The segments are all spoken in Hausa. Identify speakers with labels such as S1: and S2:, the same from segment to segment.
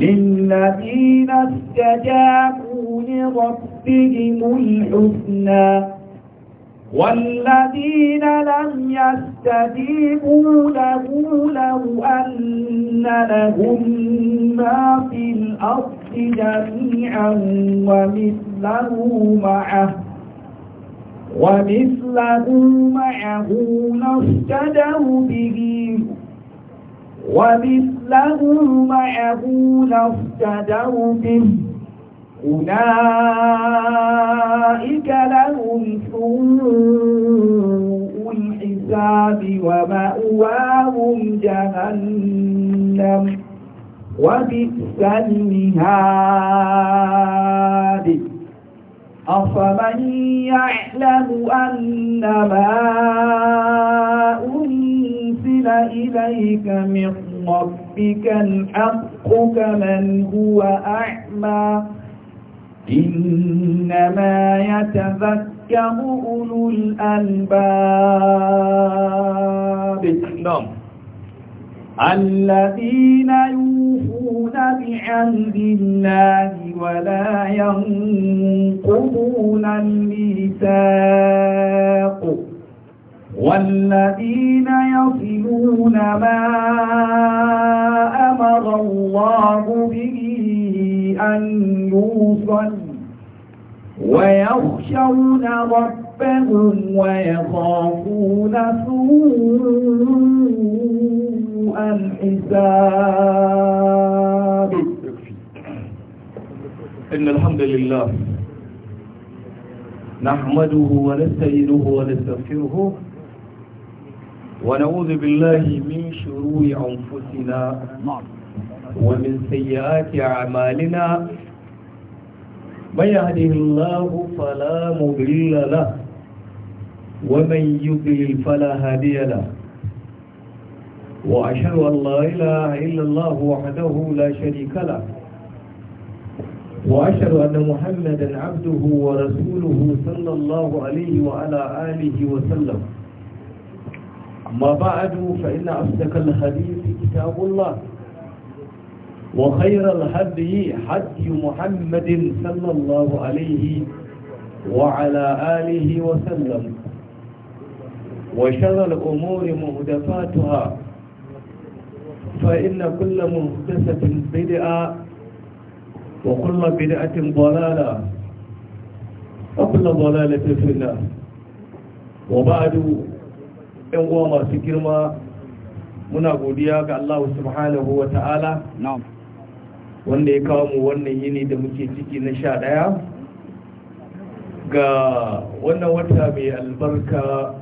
S1: للذين استجابوا لربهم الحسنى والذين لم يستجيبوا له لو أن لهم ما في الأرض جميعا ومثله معه ومثله معه لافتدوا به ومثلهم معه لافتدوا به أولئك لهم سوء الحساب ومأواهم جهنم وبئس المهاد أفمن يعلم أن ما أنزل أنزل إليك من ربك الحق كمن هو أعمى إنما يتذكر أولو الألباب نعم الذين يوفون بعهد الله ولا ينقضون الميثاق والذين يصلون ما أمر الله به أن يوصل ويخشون ربهم ويخافون سوء
S2: الحساب إن الحمد لله نحمده ونستعينه ونستغفره ونعوذ بالله من شرور أنفسنا ومن سيئات أعمالنا من يهده الله فلا مضل له ومن يضلل فلا هادي له وأشهد أن لا إله إلا الله وحده لا شريك له وأشهد أن محمدا عبده ورسوله صلى الله عليه وعلى آله وسلم أما بعد فإن أصدق الحديث كتاب الله وخير الهدي حدي محمد صلى الله عليه وعلى آله وسلم وشر الأمور مهدفاتها فإن كل مهدسة بدعة وكل بدعة ضلالة وكل ضلالة في الله وبعد yan uwa masu girma muna godiya ga Allah subhanahu wa ta'ala wanda ya kawo mu wannan yini da muke ciki na sha ɗaya ga wannan wata mai albarka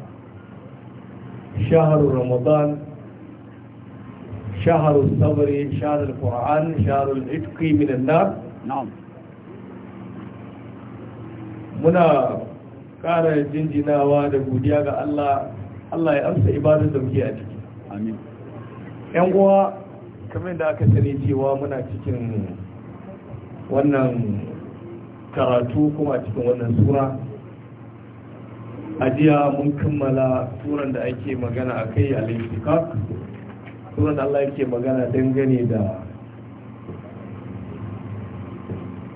S2: shahar ramadan shahar sabari shahar al shahar al muna ƙara jinjinawa da godiya ga Allah Allah ya amsa ibadar da muke a ciki amin yan uwa kamar da aka sani cewa muna cikin wannan karatu kuma cikin wannan sura ajiya mun kammala turan da ake magana a kai a laifikak turan Allah yake magana dangane da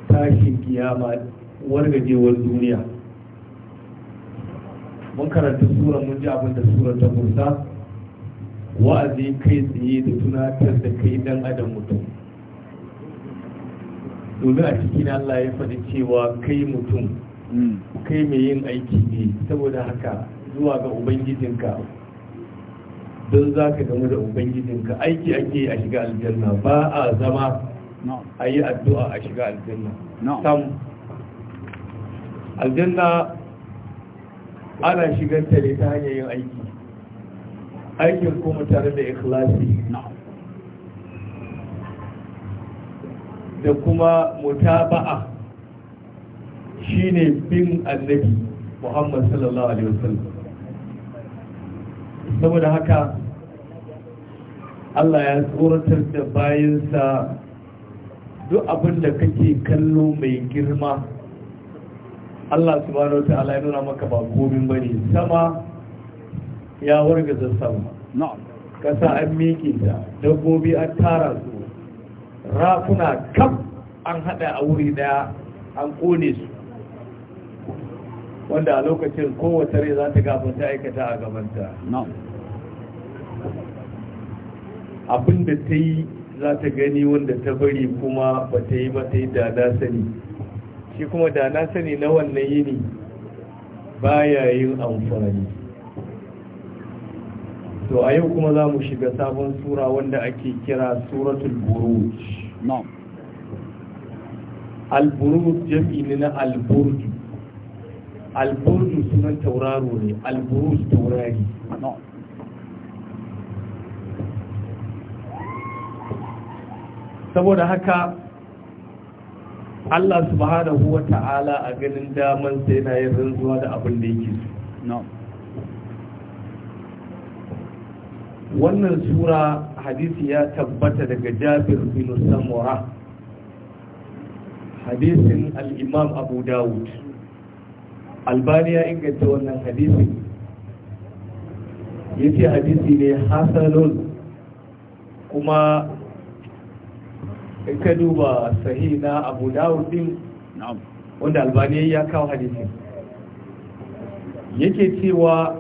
S2: tashin kiyama wargajewar duniya mun karanta sura mun ji abin da sura ta wa'azi kai tsaye da tunatar da kai dan adam mutum domin a cikin Allah ya faɗi cewa kai mutum hmm. kai mai yin aiki ne saboda haka zuwa ga ubangijinka don za ka gamu da ubangijinka aiki ake a shiga aljanna ba a zama a yi addu'a a shiga aljanna aljanna ana shigar shiganta ne ta hanyar yin aiki aikin kuma tare da ikhlasi da kuma mutaba'a shine bin annabi Muhammad sallallahu alaihi wasallam saboda haka Allah ya tsoratar da bayansa duk abinda da kake kallo mai girma Allah subhanahu ta'ala ya nuna maka ba komin bane sama ya wargaza sama kasa an miƙe ta dabbobi an tara su rafuna kam an haɗa a wuri daya an kone su wanda a lokacin kowace rai za ta gafin aikata a gabanta abin da ta yi za ta gani wanda ta bari kuma ba ta yi ba ta yi da sani shi kuma da na sani na wannan yini ya yin amfani to a yau kuma za mu shiga sabon sura wanda ake kira suratul buruj al-buruj jam'i ne na al-burj al-burj sunan tauraro ne al-buruj taurari saboda haka Allah subhanahu wa ta'ala a ganin daman sai na yin rantsuwa da abin da yake so wannan sura hadisi ya tabbata daga Jabir bin Samura hadisin al’imam Abu Dawud Albani ya inganta wannan hadisi? Ya ce hadisi ne hasanun kuma ka duba sahi na abu dawud din wanda albaniya ya kawo hadisi yake cewa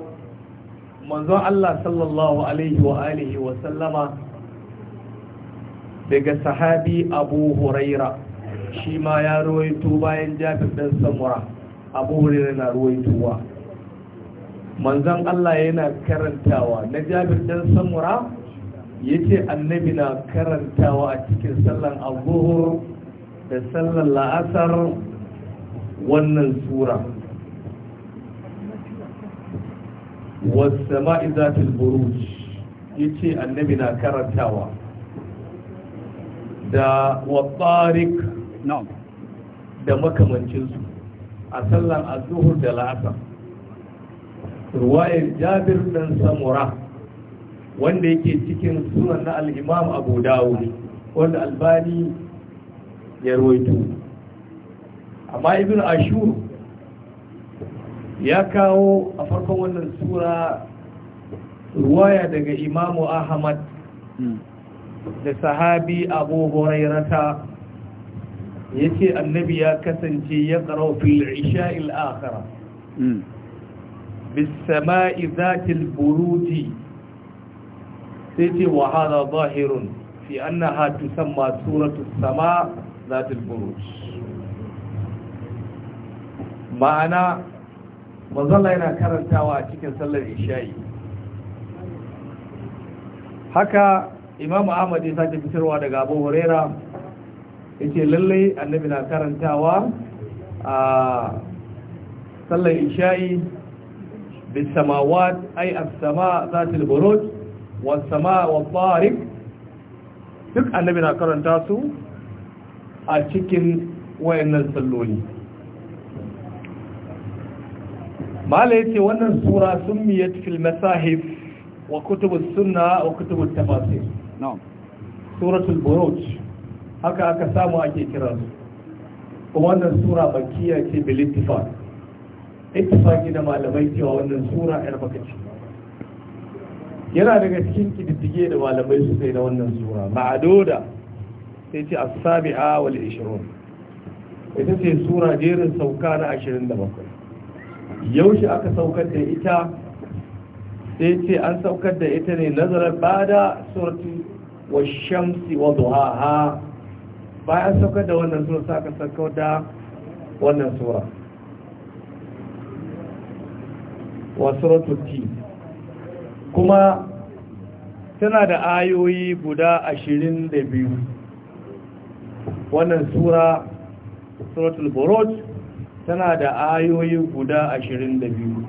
S2: manzon Allah sallallahu alaihi wa alihi wa sallama daga sahabi abu huraira shi ma ya ruwaito bayan jabir dan samura abu huraira na ruwaitowa manzon Allah yana karantawa na jabir dan samura ya ce annabi na karantawa a cikin sallan abuhur da sallan la'asar wannan sura wasama izatul buruj ya ce annabi na karantawa da wabarik da makamancinsu a sallan azuhur da la'asar ruwayar jabir dan samura wanda yake cikin sunan na al'imam abu dawud wanda albani ya roito amma ibn ashur ya kawo a farkon wannan sura ruwaya daga imamu ahmad da sahabi abu hurairata ya ce annabi ya kasance ya ƙarau fil isha'il akhara hmm. bisama'i zatil buruti sai ce wa hada zahirun fi annaha tusamma suratu sama zatul buruj ma'ana manzala yana karantawa a cikin sallar isha'i haka imamu ahmad ya sake fitarwa daga abu huraira ce lallai annabi na karantawa a sallar isha'i bisamawat ai as-sama zatul buruj wasama wa tsarik duk annabi na karanta su a cikin wayannan salloli mala ce wannan sura summiyat fil masahif wa kutubu as-sunna wa kutubu at-tafasir na'am suratul buruj haka aka samu ake kira su kuma wannan sura bakiya ce bil ittifaq ittifaqi da malamai cewa wannan sura yar bakaci yana daga cikin kididdige da malamai su sai na wannan sura ma'adoda sai ce as-sabi'a wal 20 ita ce sura jerin sauka na 27 yaushe aka saukar da ita sai ce an saukar da ita ne nazarar bada surati wa shamsi wa duhaha bayan saukar da wannan sura sai aka saukar da wannan sura wa suratul tin kuma tana da ayoyi guda ashirin da biyu wannan sura suratul burot tana da ayoyi guda ashirin da biyu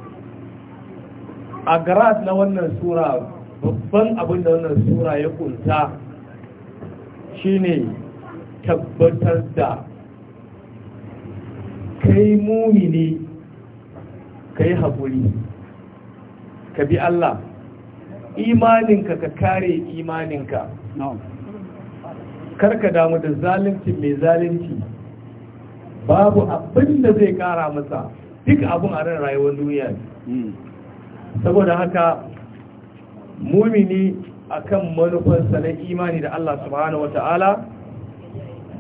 S2: a garas na wannan sura babban abin da wannan sura ya kunta shine tabbatar da kai mumini kai haƙuri ka bi Allah imaninka ka kare imaninka ka damu da zalunci mai zalunci babu abin da zai kara masa duk abin a ran rayuwar duniya hmm. saboda haka mumini akan manufarsa na imani da Allah subhanahu wata'ala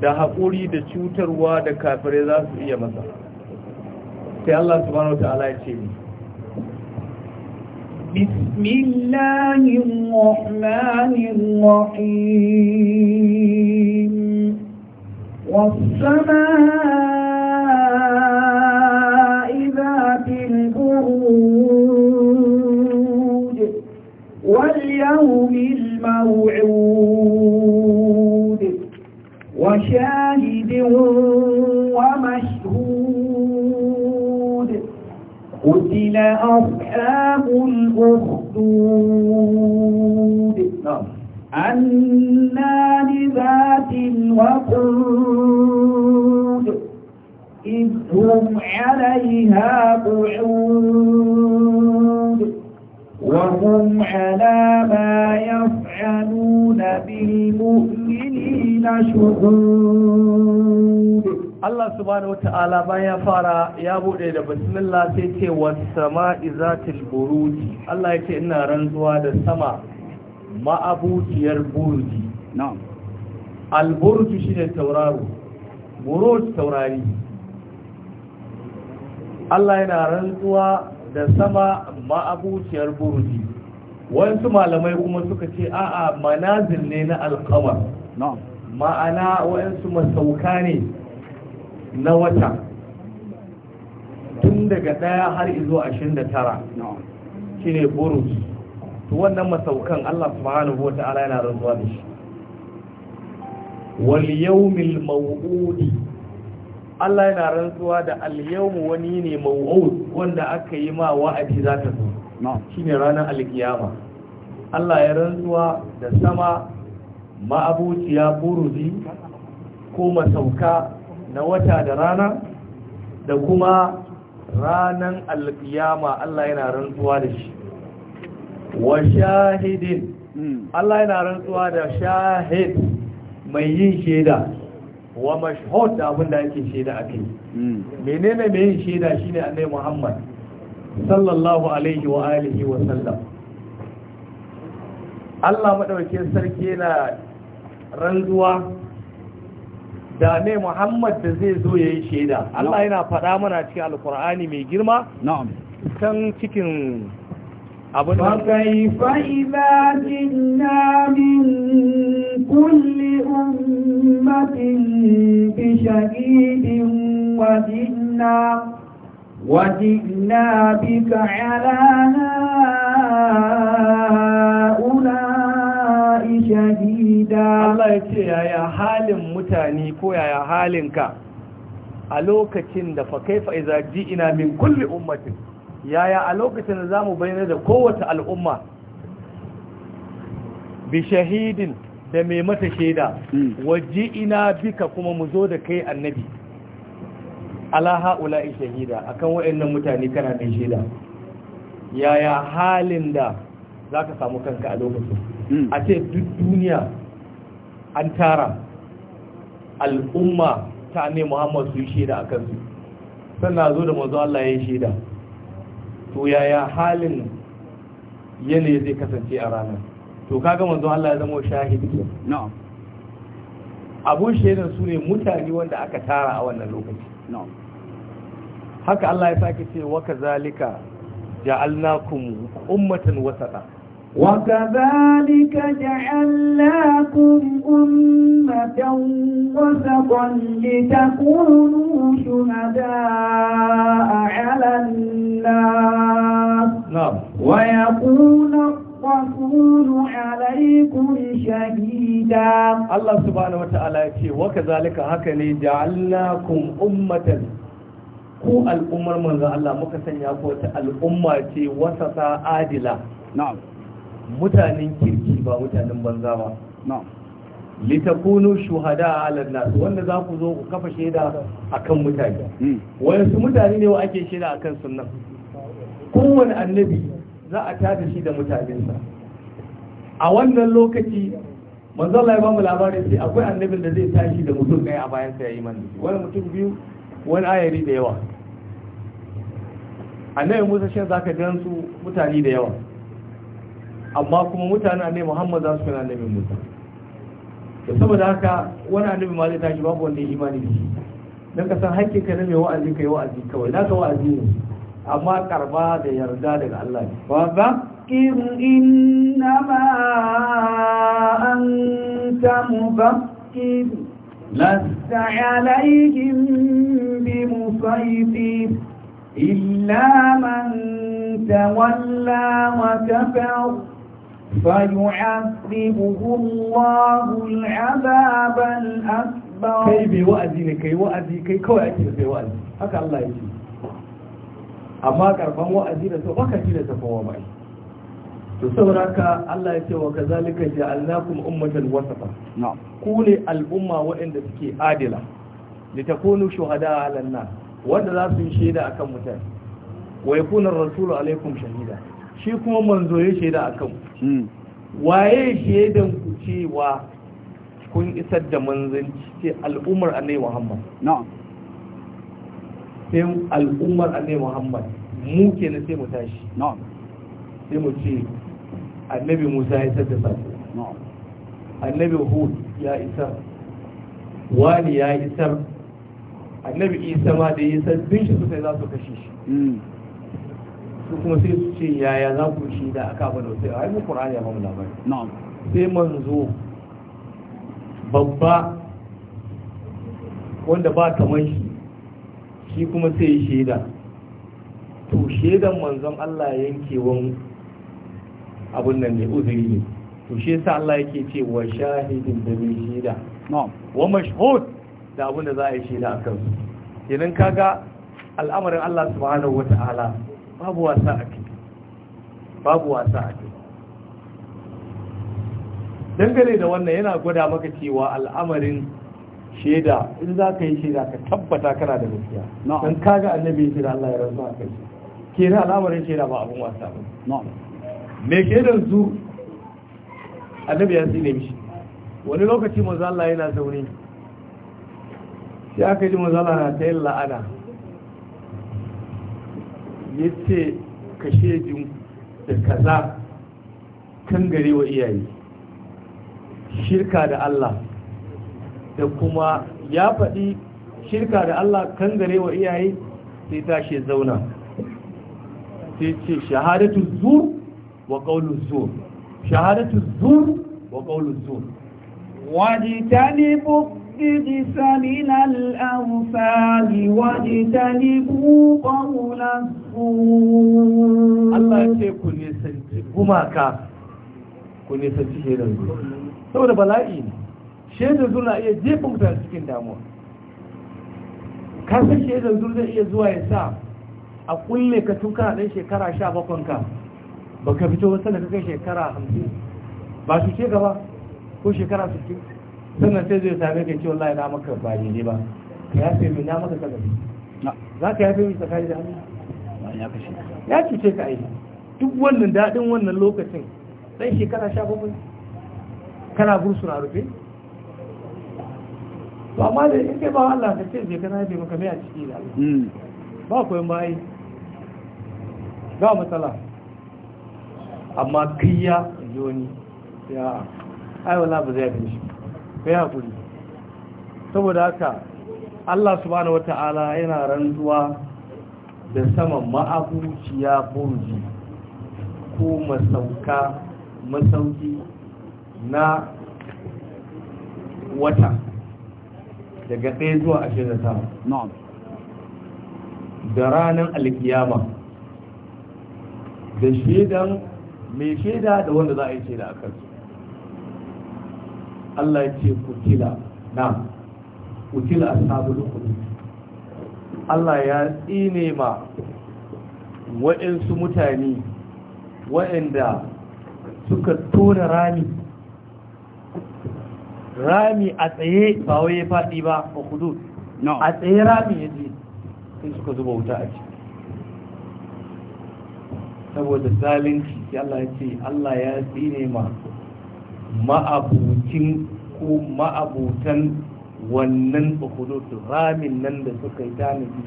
S2: da haƙuri da cutarwa da kafirai za su iya masa sai Allah subhanahu wata'ala ya ce ni
S1: بسم الله الرحمن الرحيم والسماء ذات البرود واليوم الموعود وشاهد ومشهود قتل أصحاب الأخدود نعم. النار ذات الوقود إذ هم عليها قعود وهم على ما يفعلون بالمؤمنين شهود
S2: Allah subhanahu wata'ala bayan ya fara ya bude da bismillah sai ce was-sama'i zatil buruji Allah ya ce ina rantsuwa da sama ma'abuciyar buruji na'am al-buruji shine tauraro buruj taurari Allah yana rantsuwa da sama ma'abuciyar buruji wasu malamai kuma suka ce a'a manazil ne na al na'am ma'ana wayansu masauka ne na wata tun daga ɗaya har izo ashirin da tara shi ne burus to wannan masaukan Allah subhanahu wa ta'ala yana rantsuwa da shi wal yawmil maw'udi Allah yana rantsuwa da al yawmu wani ne maw'ud wanda aka yi ma wa'adi za ta zo shine ranar alkiyama Allah ya rantsuwa da sama ma'abuciya buruzi ko masauka na wata da rana da kuma ranan alkiyama Allah yana rantsuwa da shi wa shahidin Allah yana rantsuwa da shahid mai yin sheda wa mashhud da abin da ake sheda a kai menene mai yin sheda shine annabi Muhammad sallallahu alaihi wa alihi wa sallam Allah madaukakin sarki yana rantsuwa da ne Muhammad da zai zo ya yi shaida Allah yana faɗa mana cikin alkur'ani mai girma kan cikin abin da kaifa
S1: idza jinna min kulli ummatin bi shahidin wa jinna وجئنا بك على هؤلاء shahida
S2: Allah ya ce yaya halin mutane ko yaya halinka a lokacin da fa kaifa iza ina min kulli ummatin yaya a lokacin da zamu bayyana da kowace al'umma bi shahidin da mai mata shaida hmm. waje ina bika kuma mu zo da kai annabi ala ha'ula'i shahida akan waɗannan mutane kana da shaida yaya halin da zaka samu kanka a lokacin a ce duk duniya an tara al'umma ta ne muhammad su yi shaida a kansu sannan zo da mazu Allah ya yi shaida to yaya halin yanayi zai kasance a ranar to kaga mazu Allah ya zama shahidi na'am abun shaidan su ne mutane wanda aka tara a wannan lokaci haka Allah ya sake ce waka zalika ja'alnakum ummatan wasata
S1: وكذلك جعلناكم أمة وسطا لتكونوا شهداء على الناس
S2: نعم. ويكون
S1: الرسول عليكم شهيدا
S2: الله سبحانه وتعالى يقول وكذلك هكذا جعلناكم أمة ku al'ummar manzo Allah muka sanya ku wata al'umma ce wasata adila na'am mutanen kirki ba mutanen banza ba litakunu shuhada a ala nasu wanda za ku zo ku kafa shaida a kan mutane hmm. su mutane ne wa ake shaida a kan sunan kowane annabi za a tada shi da mutanensa a wannan lokaci manzo Allah ya ba mu labarin sai akwai annabin da zai tashi da mutum ɗaya a bayan sa yayi manzo wani mutum biyu wani ayari da yawa annabi Musa shin zaka dan mutane da yawa amma kuma mutane annabi Muhammad za su kana annabi Musa to saboda haka wani annabi ma zai tashi babu wanda ya imani da shi dan ka san hakkin ka ne mai wa'azi kai wa'azi kawai naka wa'azi ne amma karba da yarda daga Allah ne wa ba
S1: in innama anta mubakkir لست عليهم بمسيطر إلا من تولى وكفر Bayo yanzu yi
S2: Kai me wa'azi ne? Ka wa'azi kai kawai ake da wa'azi. Haka Allah ya Amma ƙarfin wa'azi da sau ba ka da ta kuma ba. Tsafta warka, Allah ya wa kaza mu kaji a al'adar mu'ammajan al'umma waɗanda suke adila Litafono shuhada a halin nan. Wanda za sun shaida a mutane. Wa ya kuna rasulun Shahida? Shi kuma man zoye shaida a waye shaidan ku cewa kun isar da manzanci ce al'ummar nai muhammad sai al'ummar nai muhammad mu ke na sai mu tashi sai mu ce annabi musa ya isar da sako annabi hud ya isar wani ya isar annabi isa ma da ya isar bin shi sosai za su kashe shi hmm. su kuma sai su ce yaya za ku shi da aka ba da sai ai mu qur'ani ya bamu labari sai manzo babba wanda ba kamar shi shi kuma sai shaida to shaidan manzon Allah yankewan abun nan ne uzuri ne to shi sa Allah yake ce wa shahidin da mai shaida wa mashhud da abun da za a yi shaida akan kansu kenan kaga al'amarin Allah subhanahu wataala babu wasa a ciki babu wasa a ciki dangane da wannan yana gwada maka cewa al'amarin shaida in za ka yi shaida ka tabbata kana da gaskiya don kaga annabi ya shaida Allah ya rasu a kai ke da al'amarin shaida ba abin wasa ba me ke da zu annabi ya tsine mishi wani lokaci manzo Allah yana zaune sai aka ji manzo Allah na ta yin la'ana ya ce ka shejin da kaza kan gare wa iyaye shirka da Allah da kuma ya faɗi shirka da Allah kan gare wa iyaye sai tashi zauna sai ce shahadatu zur wa ƙaunin zuwa. shahadatu zuwa wa qawlu zur wajtanibu
S1: الرجس من الأوثان واجتنبوا قول الزور الله
S2: يقول نسنتي gumaka ku nisanci shaidan zuwa saboda bala'i shaidan zuwa na iya jefa mutane cikin damuwa kasar shaidan zuwa zai iya zuwa ya sa a kulle ka tun ɗan shekara sha bakon ka ka fito wasu da shekara hamsin ba su ce gaba ko shekara sittin sannan sai zai same ka ce wallahi na maka ba ne ba ka yafe min na maka ne za ka yafe min tsakani da hannu ya cuce ka aiki duk wannan daɗin wannan lokacin ɗan shekara sha bakwai kana na rufe ba amma da in kai ba Allah ka ce zai kana yafe maka mai a ciki da Allah hmm. ba koyon bayi ba matsala amma kiyya yoni ya ai wala ba zai yafe shi kai haƙuri saboda haka Allah subhanahu wata'ala yana rantsuwa da saman ma'abuciya burji ko masauka masauki na wata daga ɗaya zuwa ashirin da sama da ranar alkiyama da shaidan mai shaida da wanda za a yi shaida a kansu Allah ya ce kutila na kutila ashabul ukhdud Allah ya tsine ma wa'insu mutane wa'inda suka tona rami rami a tsaye ba waye ya faɗi ba a hudud a tsaye rami ya ji sun suka zuba wuta a ciki saboda zalunci Allah ya ce Allah ya tsine ma ma'abucin ko ma'abutan wannan ukudutu ramin nan da suka yi tanadi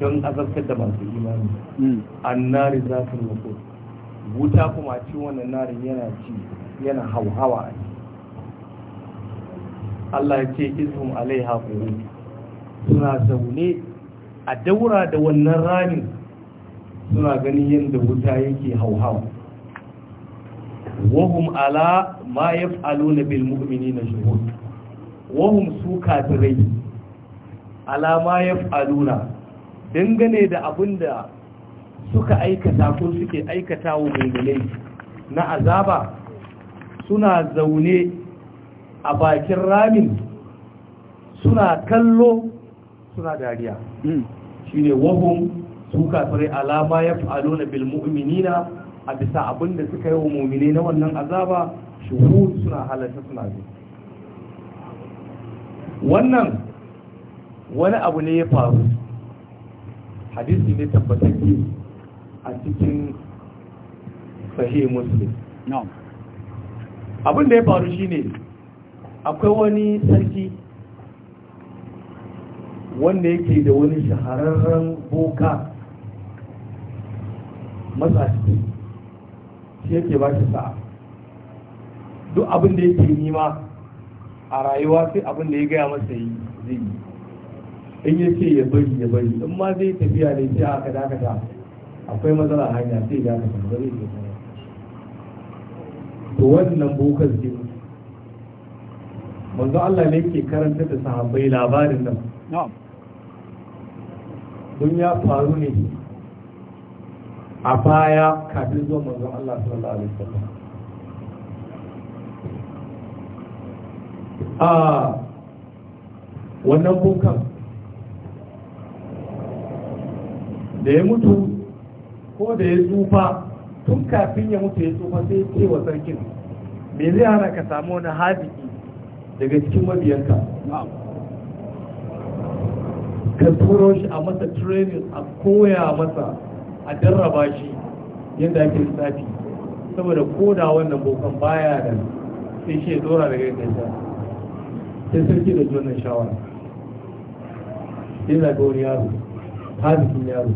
S2: don azabtar da masu imani hmm. annari za su rufu wuta kuma ci wannan narin yana ci yana hauhawa a Allah ya ce izhum alaiha qurun suna zaune a daura da wannan ramin suna ganin yadda wuta yake hauhawa wahum ala ma yaf'aluna bil mu'minina shuhud wahum su kafirai ala ma yaf'aluna dangane da abinda suka aikata ko suke wa mu'minai na azaba suna zaune a bakin ramin suna kallo suna dariya shine wahum su kafirai ala ma yaf'aluna bil mu'minina a bisa abinda suka yi wa mumine na wannan azaba shuhud suna halarta suna zai wannan wani abu ne ya faru hadisi ne tabbatacce a cikin sahih muslim abin da ya faru shine akwai wani sarki wanda yake da wani shahararren boka matsatsi shi yake ba shi sa'a duk abin da yake nima a rayuwa sai abin da ya gaya masa yi zai yi in ya ce ya bari ya bari in ma zai tafiya ne sai aka dakata akwai matsala hanya sai dakata ba zai yi to wannan bokan zai manzo Allah ne ke karanta da sahabbai labarin nan dun ya faru ne a baya kafin zuwa manzon Allah sallallahu alaihi wasallam a wannan bukan da ya mutu ko da ya tsufa tun kafin ya mutu ya tsufa sai ce wa sarkin me zai hana ka samu wani hadiki daga cikin mabiyanka ka turo shi a masa training a koya masa a jarraba shi yadda ake lissafi saboda koda wannan bokan baya da sai shi ya dora daga yadda ya sai sarki da wannan shawara sai ga wani yaro hazikin yaro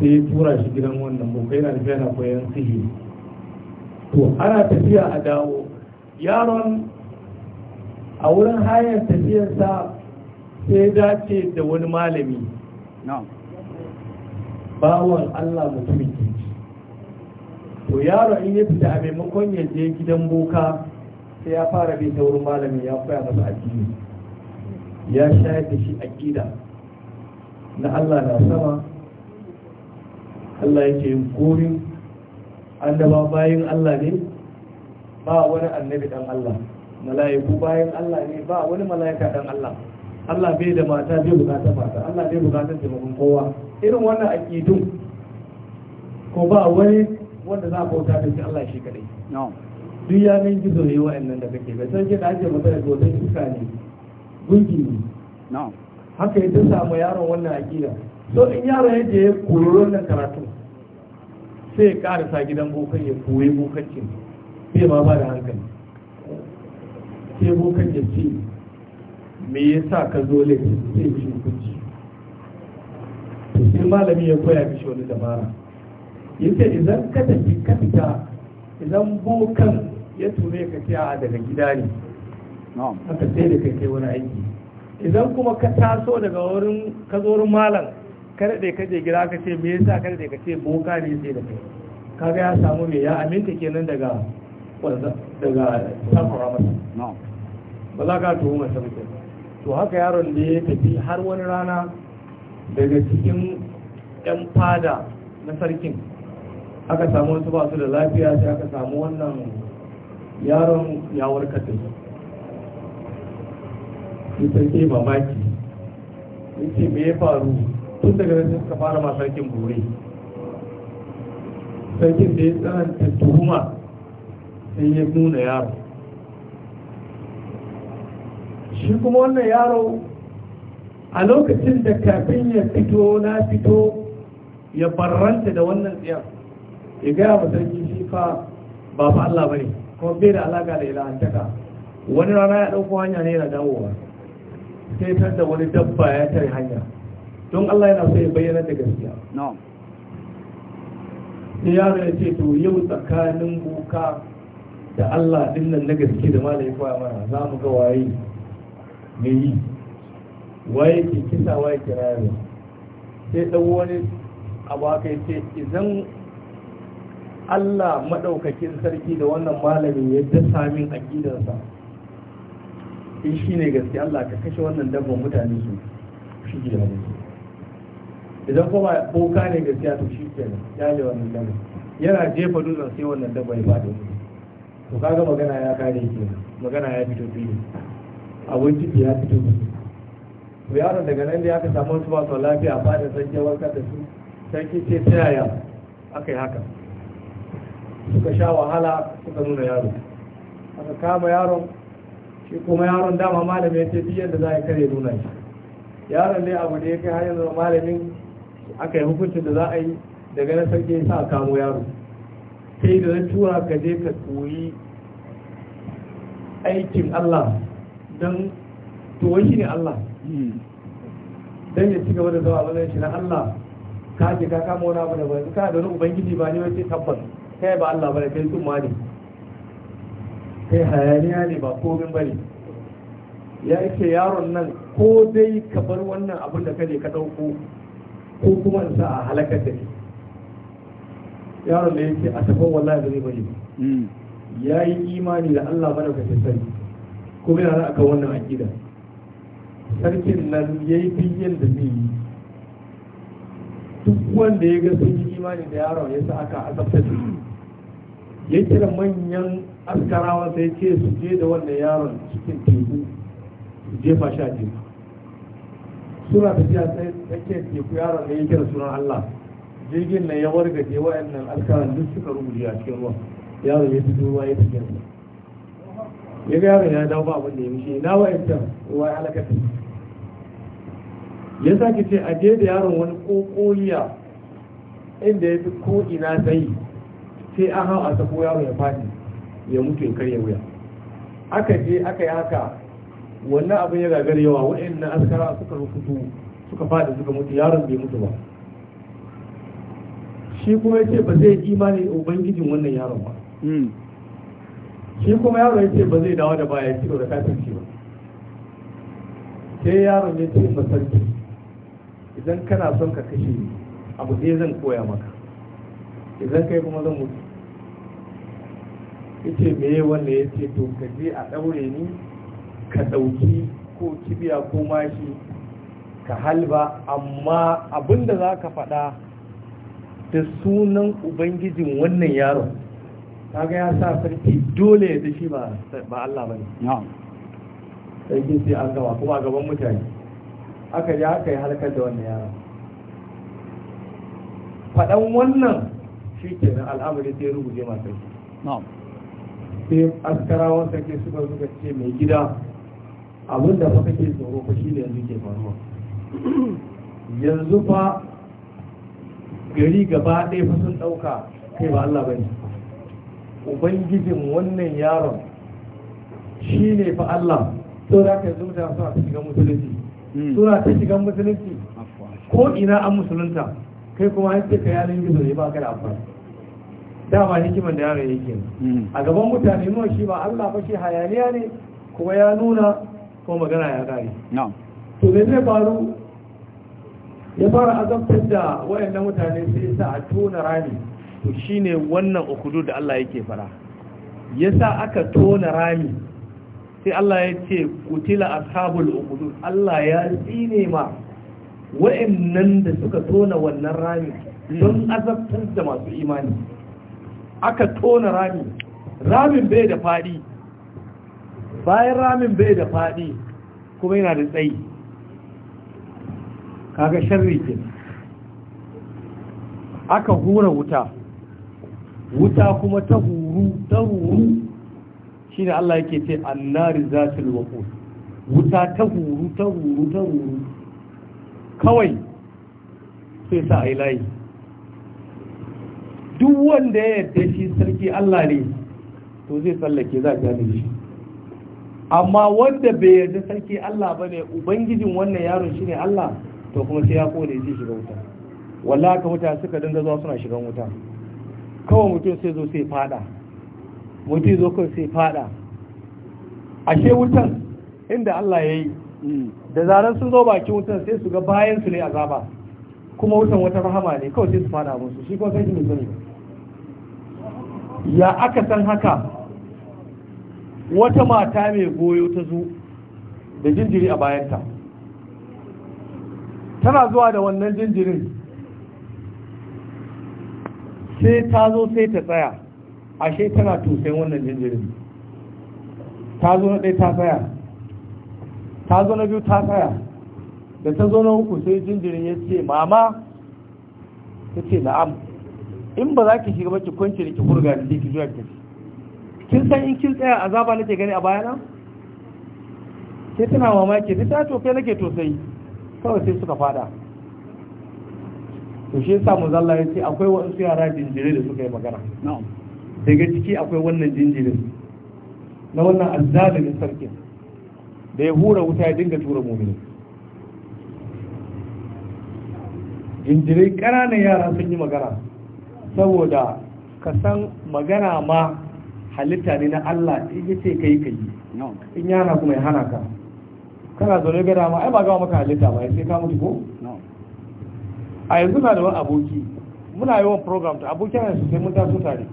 S2: sai ya tura shi gidan wannan bokai yana da fiyana koyan sihi to ana tafiya a dawo yaron a wurin hayar tafiyarsa sai dace da wani malami bawan Allah mutumin kirki to yaro in ya fita a maimakon ya je gidan boka sai ya fara bin ta wurin malami ya koya masa addini ya shayar da shi aqida na Allah na sama Allah yake yin korin annaba bayin Allah ne ba wani annabi dan Allah mala'iku bayan Allah ne ba wani mala'ika dan Allah Allah bai da mata bai bukata mata Allah bai bukatar taimakon kowa irin wannan aƙidun ko ba wani wanda za a bauta da shi Allah shi kadai duk ya nan gizo ne wa'annan da kake bai san da ake magana da wajen iska ne gungi ne haka ya ta samu yaron wannan aƙida so in yaron yadda ya koyi nan karatu sai ya karasa gidan bokan ya koyi bokancin bai ma ba da hankali sai bokan ya ce me yasa ka zo laifin sai ya shi hukunci malami ya koya mishi wani dabara yace idan ka tafi ka fita idan bokan ya ture ka ce a daga gida ne haka sai da kai wani aiki idan kuma ka taso daga wurin ka zo wurin malam kada da ka je gida ka ce me yasa kada da ka ce boka ne sai da kai kaga ya samu me ya aminta kenan daga daga safara masa ba za ka tuhuma sa mutum to haka yaron da ya tafi har wani rana daga cikin 'yan fada na sarkin aka samu wasu ba su da lafiya sai aka samu wannan yaron ya warkata su sarki mamaki yake me ya faru tun daga nan suka fara ma sarkin bore sarkin da ya tsananta tuhuma sai ya nuna yaro shi kuma wannan yaro a lokacin da kafin ya fito na fito ya barranta da wannan tsiyar ya gaya wa sarki shi fa ba fa Allah bane kuma bai da alaka da ilahantaka wani rana ya ɗauko hanya ne yana dawowa sai tar da wani dabba ya tare hanya don Allah yana so ya bayyana da gaskiya sai ya ya ce to yau tsakanin buka da Allah din nan na gaske da malai koya mana za mu ga waye me yi waye ke kisa waye kirari sai ɗau wani abu aka ce idan Allah maɗaukakin sarki da wannan malamin ya dasa min aƙidarsa in shi ne gaske Allah ka kashe wannan dabban mutane su shi gida idan kuma boka ne gaske a shi ke ya ne wannan dabban yana jefa dutsen sai wannan dabban ya faɗi to kaga magana ya kare ke magana ya fito fili Abun ciki ya fito fili yaron daga nan da ya ka samu su ba lafiya ba da warkar da su sarki ce ta yaya aka yi haka suka sha wahala suka nuna yaro aka kama yaron shi kuma yaron dama malami ya ce biyar da za a yi kare nuna shi yaron dai abu da ya kai har yanzu malamin aka yi hukuncin da za a yi daga na sarki ya sa a kamo yaro sai da na tura ka je ka koyi aikin Allah don tuwon shi ne Allah hmm. don ya ci gaba da zama a shi na Allah ka ce ka kama wani abu da ba ka da wani ubangiji ba ne wace tabbas kai ba Allah bane kai tsumma ne kai hayaniya ne ba komin bane ya ce yaron nan ko dai ka bar wannan abin da kane ka dauko ko kuma in sa a halakar da ke yaron da ya ce a tafi wallahi ba zai bane hmm. ya yi imani da Allah bane ka sani kuma yana akan wannan akida sarkin nan yayi biyan da zai yi duk wanda ya ga sun yi imani da yaron ya sa aka azabta da ya kira manyan askarawa sai ce su je da wannan yaron cikin teku su jefa shi a teku suna tafiya sai tsakiyar teku yaron da ya kira sunan Allah jirgin nan ya wargaje wa'annan alkaran duk suka rubuce a cikin ruwa yaron ya fito ruwa ya tafiya ya ga yaron ya dawo ba abin da ya mishi na wa'ancan ruwa ya halakata ya sake ce a je da yaron wani kokoliya inda ya fi ko'ina zai, sai an hau a sako yaron ya fadi ya mutu ya karya wuya aka je aka yi haka wannan abin ya gagar yawa na askara suka rufutu suka fadi suka mutu yaron bai mutu ba shi kuma ya ce ba zai imani ubangijin wannan yaron ba hmm. shi kuma yaron ya ce ba zai dawo da baya ya ci da kafin ba sai yaron ya ce masarki idan kana son ka kashe ni abu ne zan koya maka idan kai kuma zan mutu yace meye wanda ya ce to ka je a ɗaure ni ka ɗauki ko kibiya ko mashi ka halba amma abinda za ka faɗa da sunan ubangijin wannan yaron kaga ya sa sarki dole ya dashi ba Allah ba ne sarki sai an gaba kuma a gaban mutane aka ja aka yi halakar da wannan yaron faɗan wannan shi ke nan al'amari sai rubuce masu sai askarawan sarki suka suka ce mai gida abin da fa kake tsoro fa shi ne yanzu ke faruwa yanzu fa gari gaba ɗaya fa sun ɗauka kai ba Allah bane ubangijin wannan yaron shi ne fa Allah to da ka yanzu mutane suna cikin musulunci Hmm. suna ta shiga musulunci ko ina an musulunta kai kuma an ka yanin gizo ne ba ka da amfani dama hikiman da yaron yake hmm. a gaban mutane nuna shi ba Allah ba shi hayaniya ne kuma ya nuna ko magana ya kare to me zai faru ya fara azabtar da wayannan mutane sai sa a tona rami to shine wannan ukudu da Allah yake fara yasa aka tona rami sai Allah ya ce kutila ashabul ukhud Allah ya tsine ma wa'annan da suka tona wannan rami don azabtar da masu imani aka tona rami ramin bai da fadi bayan ramin bai da fadi kuma yana da tsayi kaga sharri ke aka hura wuta wuta kuma ta huru ta huru shine Allah yake ce annari zatul waqud wuta ta huru ta huru ta huru kawai sai sa ai layi duk wanda ya yarda shi sarki Allah ne to zai tsallake za ta da shi amma wanda bai yarda sarki Allah bane ubangijin wannan yaron shine Allah to kuma sai ya kore shi shiga wuta wallahi ka wuta suka dinga zuwa suna shigan wuta kawai mutum sai zo sai fada mutu zo kawai sai fada ashe wutan inda Allah ya yi da zarar sun zo bakin wutan sai su ga bayan su ne azaba kuma wutan wata rahama ne kawai sai su fada musu shi kuma sai su sani ya aka san haka wata mata mai goyo ta zo da jinjiri a bayanta tana zuwa da wannan jinjirin sai ta zo sai ta tsaya ashe tana tusayin wannan jinjirin ta zo na ɗaya ta tsaya ta zo na biyu ta tsaya da ta zo na uku sai jinjirin ya ce mama ta ce na'am in ba za ki shiga ki kwanci da ki hurga da ki zuwa ki kin san in kin tsaya azaba nake gani a bayana sai tana mamaki ta ta ah, tofe nake tosai kawai sai suka fada to shi yasa mu zalla ya ce akwai wasu yara jinjiri da suka yi magana na'am daga ciki akwai wannan jinjirin na wannan azzalimin sarkin da ya hura wuta ya dinga tura mumini jinjirai ƙananan yara sun yi magana saboda ka san magana ma halitta ne na Allah in ya ce kai kai in yana kuma ya hana ka kana zaune gada ma ai ba gawa maka halitta ba sai ka mutu ko a yanzu na da wani aboki muna yawan program ta abokin yanzu sosai mun taso tare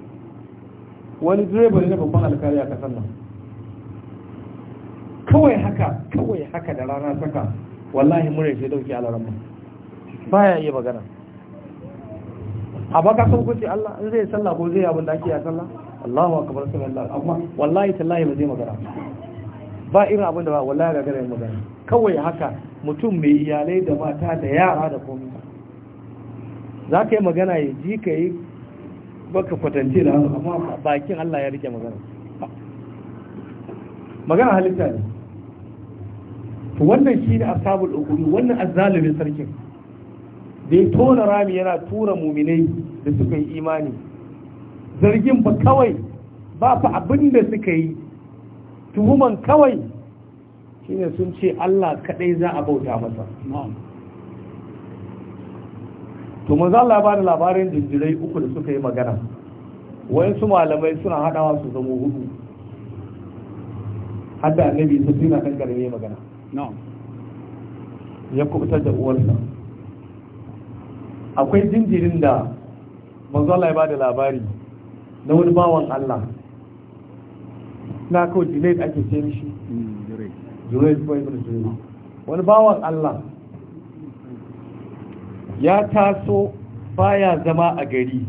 S2: wani direba ne na babban alkali a kasar nan kawai haka kawai haka da rana saka wallahi mure shi dauki ba ya iya magana a baka sun kuce Allah in zai sallah ko zai abin da ake ya sallah Allahu akbar sallallahu amma wallahi tallahi ba zai magana ba irin abin da ba wallahi ga gare magana kawai haka mutum mai iyalai da mata da yara da komai za ka yi magana ya ji ka yi baka kwatance da hannu amma bakin Allah ya rike magana magana halitta ne to wannan shi ne ashabul ukuru wannan azzalimin sarkin da ya tona rami yana tura muminai da suka yi imani zargin ba kawai ba fa abin da suka yi tuhuman kawai shine sun ce Allah kadai za a bauta masa to manzo Allah bani labarin jinjirai uku da suka yi magana su malamai suna hadawa su zama hudu hadda annabi su suna kan yi magana ya kubutar da uwarsa akwai jinjirin da manzo Allah ya bada labari na wani bawan Allah na kawai jinaid ake ce mishi jirai bai da jinaid wani bawan Allah ya taso baya zama a gari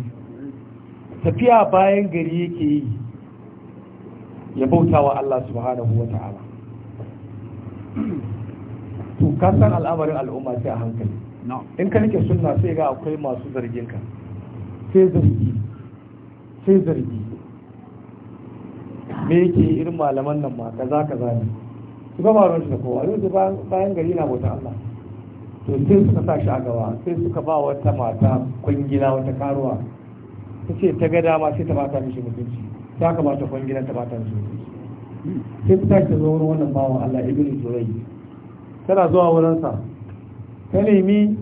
S2: tafiya bayan gari yake yi ya bauta wa Allah subhanahu wa ta'ala to kasan al'amarin al'umma sai a hankali in ka nike sunna sai ga akwai masu zargin ka sai zargi sai zargi me yake irin malaman nan ma kaza kaza ne su ba ba ruwan shi da kowa yanzu bayan gari na bauta Allah to sai suka sa shi a gaba sai suka ba wata mata kwangila wata karuwa ta ce ta ga dama sai ta bata mishi mutunci ta ka bata kwangila ta bata mishi mutunci sai ta tashi zuwa wurin wannan bawan Allah Ibn Jurai tana zuwa wurinsa ta nemi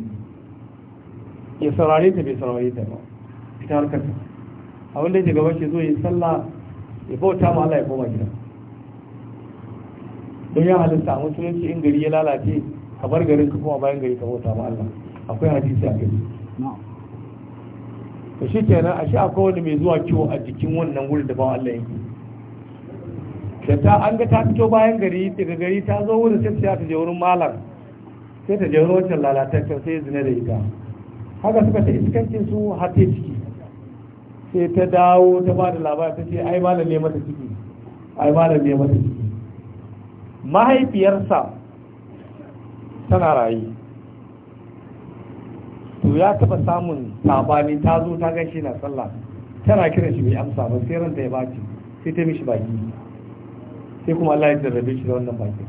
S2: ya saurare ta bai saurare ta ba ita harkar ta a wanda ya gaba shi zo yi sallah ya bauta ma Allah ya koma gida don ya halitta a musulunci in gari ya lalace A bar garin ka kuma bayan gari ka bauta ma Allah akwai hadisi a gari. ta shi kenan a shi akwai wani mai zuwa kiwo a jikin wannan wurin da ba Allah yake da ta an ga ta fito bayan gari daga gari ta zo wurin sai ta je wurin malam sai ta je wurin wancan lalataccen sai zina da ita haka suka ta iskancin su har ta ciki sai ta dawo ta ba da labari ta ce ai malam ne mata ciki ai malam ne mata ciki mahaifiyarsa tana rayu to ya taba samun sabani ta zo ta gan shi na sallah tana kiran shi mai amsa ba sai ranta ya baci sai ta mishi baki sai kuma Allah ya jarrabe shi da wannan baki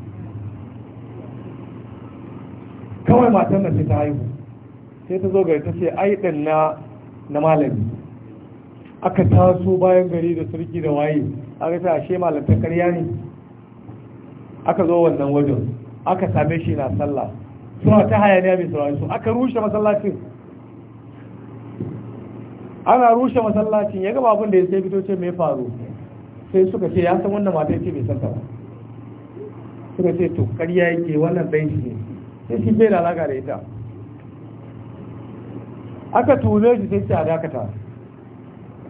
S2: kawai matan da sai ta haihu sai ta zo gari ta ce ai dan na na malami aka taso bayan gari da sarki da waye aka ce ashe malantar karya ne aka zo wannan wajen aka same shi na sallah suna ta hayaniya mai saurari su aka rushe masallacin ana rushe masallacin ya gaba abin da ya sai fito ce mai faru sai suka ce ya san wannan mata ce mai santa ba suka ce to karya yake wannan dan shi ne sai shi bai da alaƙa da ita aka tuno shi sai ce a dakata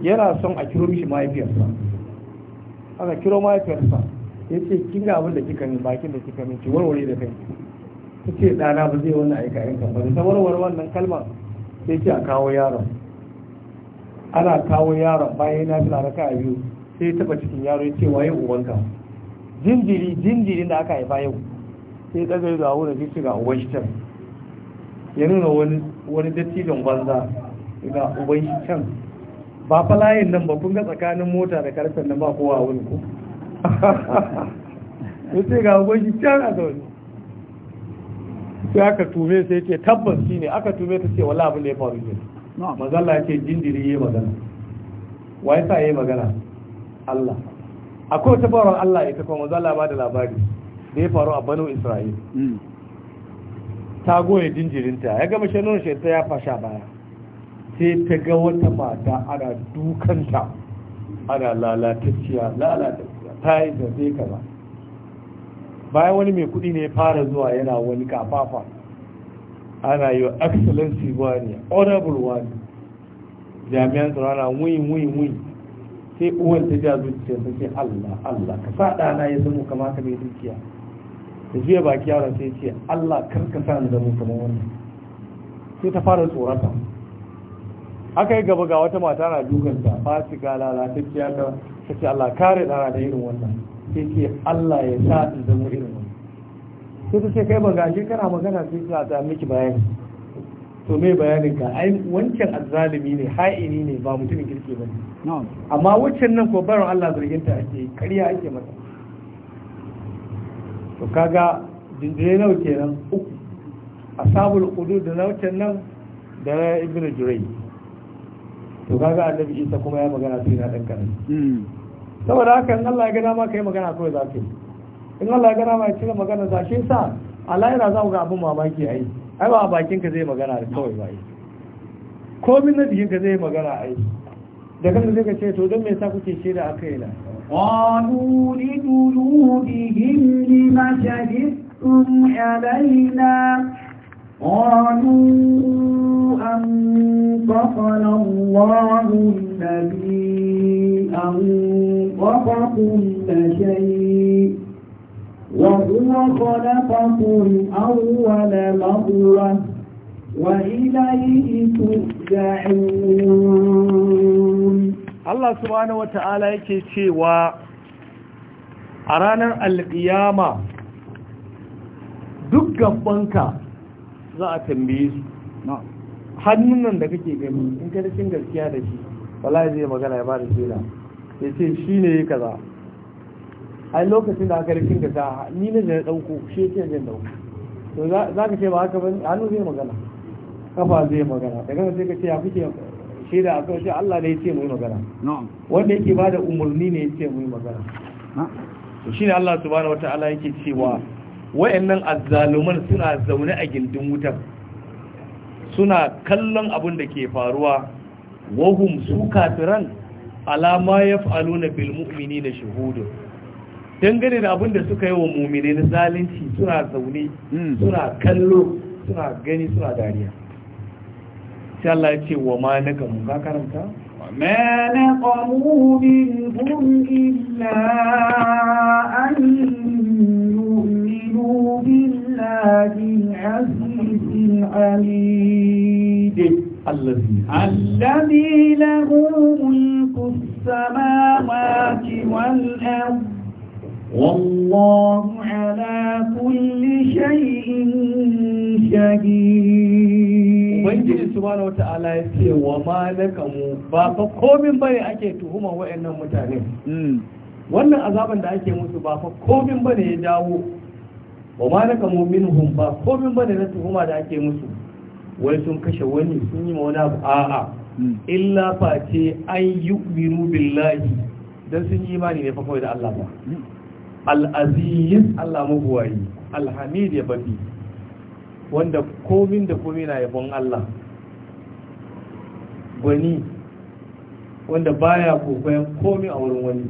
S2: yana son a kiro mishi mahaifiyarsa ana kiro mahaifiyarsa ya ce kin ga abin da kika yi bakin da kika mince ki warware da kai ta ce ɗana ba zai wani aika yanka ba ta warware wannan kalmar sai ce a kawo yaron ana kawo yaron bayan na fi raka a biyu sai taɓa cikin yaro ya ce waye uwanka jinjiri jinjiri da aka haifa yau sai ɗaga da wurin da ce ga uban shi can ya nuna wani dattijon banza ga uban shi can ba fa layin nan ba kun ga tsakanin mota da karfen nan ba kowa wani ko ku ya ce ga shi can a zaune sai aka tume sai ce tabbas shi ne aka tume ta ce wala abin da ya faru ne mazalla ya ce jindiri ya magana wa ya sa ya magana Allah akwai wata faruwar Allah ita kuma mazalla ba da labari da ya faru a banu Isra'il mm. ta goye jinjirinta ya gama shanun shi ta ya fasha baya sai ta ga wata mata ana dukanta ana lalatacciya lalatacciya tiles da sai kaza bayan wani mai kuɗi ne fara zuwa yana wani kafafa ana yi excellency wani honorable wani jami'an tsaro ana wuyi wuyi wuyi sai uwan ta ja zuciya ta ce allah allah ka sa na ya zama kamata mai dukiya ji jiya baki yaron sai ce allah kar ka sa ni zama kamar wannan sai ta fara tsorata aka yi gaba ga wata mata na dukanta fasika lalatacciya ta ka ce Allah kare ɗara da irin wannan sai ce Allah ya sa in zama irin wannan sai ta ce kai ba gashi kana magana sai ta ta miki bayani to me bayanin ka ai wancan azzalimi ne ha'ini ne ba mutumin kirki ba ne amma wancan nan ko barin Allah zarginta ake karya ake mata to kaga jinjirai nawa kenan uku asabul qudud da nautan nan da na ibnu jurayy to kaga annabi isa kuma ya magana tun na dan kanin hmm. saboda haka in Allah ya gana ma yi magana kawai za ka yi in Allah ya gana ma ya cire magana za shi sa a lahira za ku ga abin mamaki yi ai ba a bakin ka zai magana da kawai ba yi min na jikin ka zai magana a yi? da kan zai ka ce to don me sa kuke ce da aka yi na
S1: قالوا لجلودهم لم شهدتم علينا قالوا أنطقنا الله الذي أنطق خلق كل شيء وهو خلقكم أول مرة وإليه
S2: ترجعون الله سبحانه وتعالى yake cewa a ranar alƙiyama duk gabanka za a tambaye su hannun nan da kake gani in ka rikin gaskiya da shi wala zai magana ya ba da shaida ya ce shi ne ya kaza a lokacin da aka rikin ka ta ni ne da ya ɗauko shi ya ce zai ɗauko to za ka ce ba haka ba hannu zai magana kafa zai magana daga nan sai ka ce ya kuke da a kawai Allah ne ya ce mu yi magana wanda yake ba da umarni ne ya ce mu yi magana to ne Allah su wata allah yake cewa wa'annan azzaluman suna zaune a gindin wutar suna kallon abin da ke faruwa wahum su kafiran alama ya falo na bilmu'mini na shahudu dangane da abinda suka yi wa mummine na zalunci suna zaune hmm. suna kallo suna gani suna dariya shi Allah ya ce wa ma na gamu ka karanta
S1: ما نقموا منهم إلا الله العزيز
S2: الحميد الذي
S1: الذي له ملك السماوات والأرض والله على كل شيء شهيد
S2: ubangiji subhanahu wataala ya ce wa ma ba fa komin bane ake tuhuma wa'annan mutane wannan azaban da ake musu ba fa komin bane ya jawo wa ma naka hun ba komin da na tuhuma da ake musu wai sun kashe wani sun yi wani abu a'a hmm. illa face an yu'minu billahi don sun yi imani ne fa da Allah ba hmm. al-aziz Allah ya bafi wanda komin da komi na yabon Allah gwani wanda baya kokoyen komi a wurin wani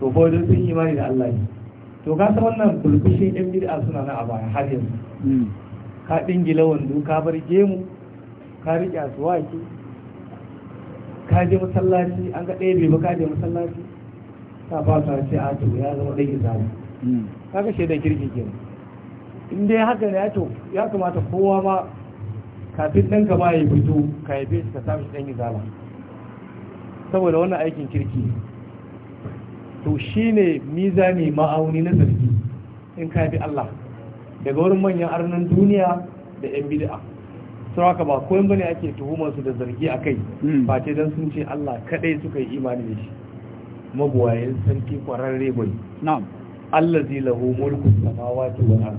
S2: to don sun yi imani da Allah ne to ka san wannan bulbushin yan bid'a suna na a baya har yanzu hmm. ka dingila wando ka bar gemu ka riƙe asuwaki ka je masallaci an ga ɗaya ba ka je masallaci ta ba ta ce a to ya zama ɗaya izali hmm. ka ga shaidar kirki kenan in dai haka ne ya kamata kowa ma kafin ɗan ka ma ya fito ka yabe shi ka samu shi ɗan izala saboda wannan aikin kirki to shi shine mizani ma'auni na zargi in ka bi Allah daga wurin manyan arnan duniya da yan bid'a sau haka ba koyon ne ake tuhumar su da zargi a kai hmm. ba ce don sun ce Allah kaɗai suka yi imani da shi mabuwayen sarki kwararre bai Allah zai lahu mulku samawa wal ard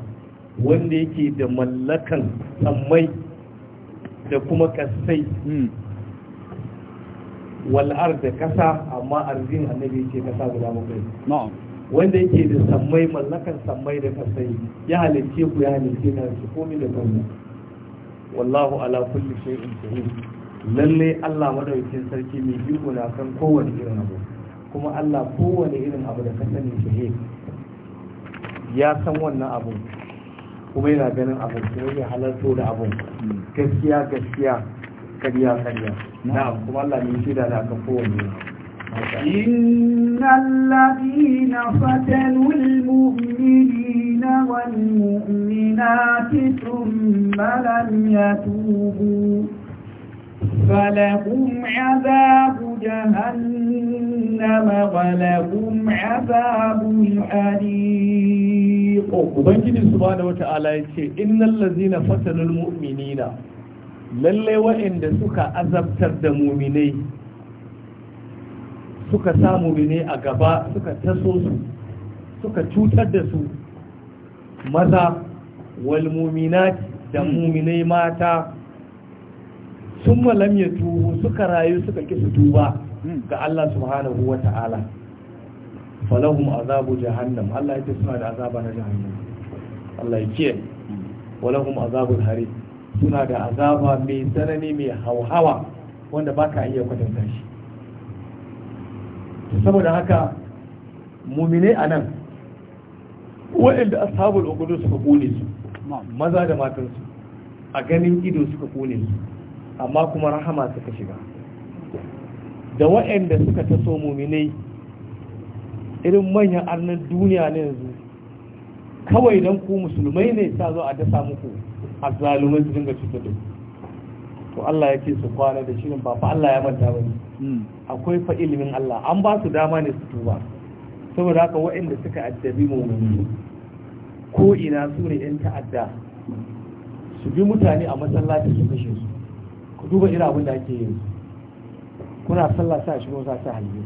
S2: wanda yake da mallakan sammai da kuma kasai hmm. wal'ar da kasa amma arzin annabi ce kasa guda bakwai wanda yake da sammai mallakan sammai da kasai ya halicce ku ya halicce na su komi da kanku wallahu ala kulli shay'in shahid lalle Allah madaukakin sarki mai jiko na kan kowane irin abu kuma Allah kowane irin abu da ka sani shahid ya san wannan abu kuma yana ganin abu kuma ya halarto da abu hmm. gaskiya gaskiya kariya kariya na kuma Allah ne shi da aka kowane
S1: inna alladhina fatanu almu'minina wal mu'minati thumma lam yatubu فلهم عذاب جهنم
S2: ولهم عذاب الحريق وبنجني سبحانه وتعالى إن الذين فتنوا المؤمنين lallai waɗanda suka azabtar da muminai suka sa muminai a gaba suka taso su suka cutar da su maza wal muminati da hmm. muminai mata sun malam ya tuhu suka rayu suka ƙi su tuba hmm. ga Allah subhanahu wa ta'ala falahum azabu jahannam Allah ya ce suna da azaba na jahannam Allah ya ce hmm. walahum azabul harim suna da azaba mai tsanani mai hauhawa wanda ba ka iya kwatanta shi saboda haka mumine a nan waɗanda ashabul ukudu suka kone su maza da matansu a ganin ido suka kone su amma kuma rahama suka shiga da waɗanda suka taso mumine irin manyan arnar duniya ne yanzu kawai don ku musulmai ne ta zo a dasa muku Azalumai su dinga cikin da to Allah ya ce su kwana da shirin ba Allah ya manta ba hmm. akwai fa ilimin Allah an ba su dama ne su tuba saboda haka waɗanda suka addabi mummuni ko ina su ne yan ta'adda su bi mutane a masallaci su kashe su ku duba irin abin da ake yi kuna sallah sa shi sa ta halye